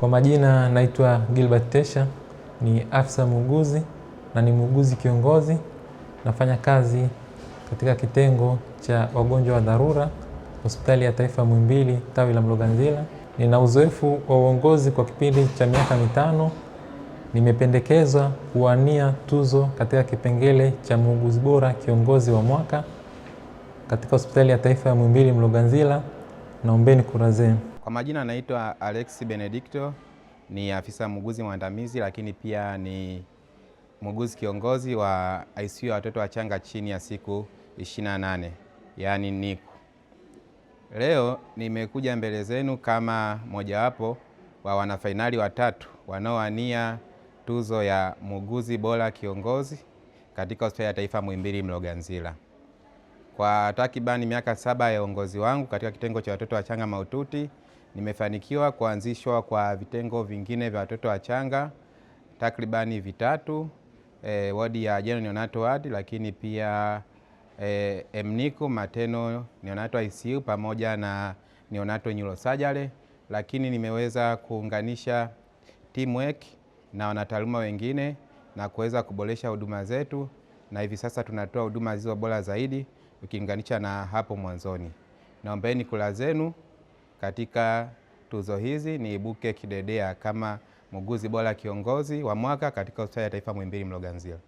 Kwa majina naitwa Gilbert Tesha, ni afisa muuguzi na ni muuguzi kiongozi. Nafanya kazi katika kitengo cha wagonjwa wa dharura hospitali ya taifa Muhimbili tawi la Mloganzila. Nina uzoefu wa uongozi kwa kipindi cha miaka mitano. Nimependekezwa kuwania tuzo katika kipengele cha muuguzi bora kiongozi wa mwaka katika hospitali ya taifa ya Muhimbili Mloganzila. Naombeni kura zenu. Kwa majina naitwa Alex Benedicto, ni afisa muuguzi mwandamizi, lakini pia ni muuguzi kiongozi wa ICU ya watoto wachanga chini ya siku 28, yaani NICU. Leo nimekuja mbele zenu kama mojawapo wa wanafainali watatu wanaowania tuzo ya muuguzi bora kiongozi katika hospitali ya taifa Muhimbili Mloganzila. Kwa takribani miaka saba ya uongozi wangu katika kitengo cha watoto wachanga mahututi, nimefanikiwa kuanzishwa kwa vitengo vingine vya watoto wachanga takribani vitatu, e, wodi ya Jeno neonato Ward, lakini pia e, mniko mateno neonato ICU pamoja na neonato Neurosurgery, lakini nimeweza kuunganisha teamwork na wanataaluma wengine na kuweza kuboresha huduma zetu, na hivi sasa tunatoa huduma zilizo bora zaidi ukilinganisha na hapo mwanzoni. Naombeni kula zenu katika tuzo hizi, niibuke kidedea kama muuguzi bora kiongozi wa mwaka katika hospitali ya taifa Muhimbili Mloganzila.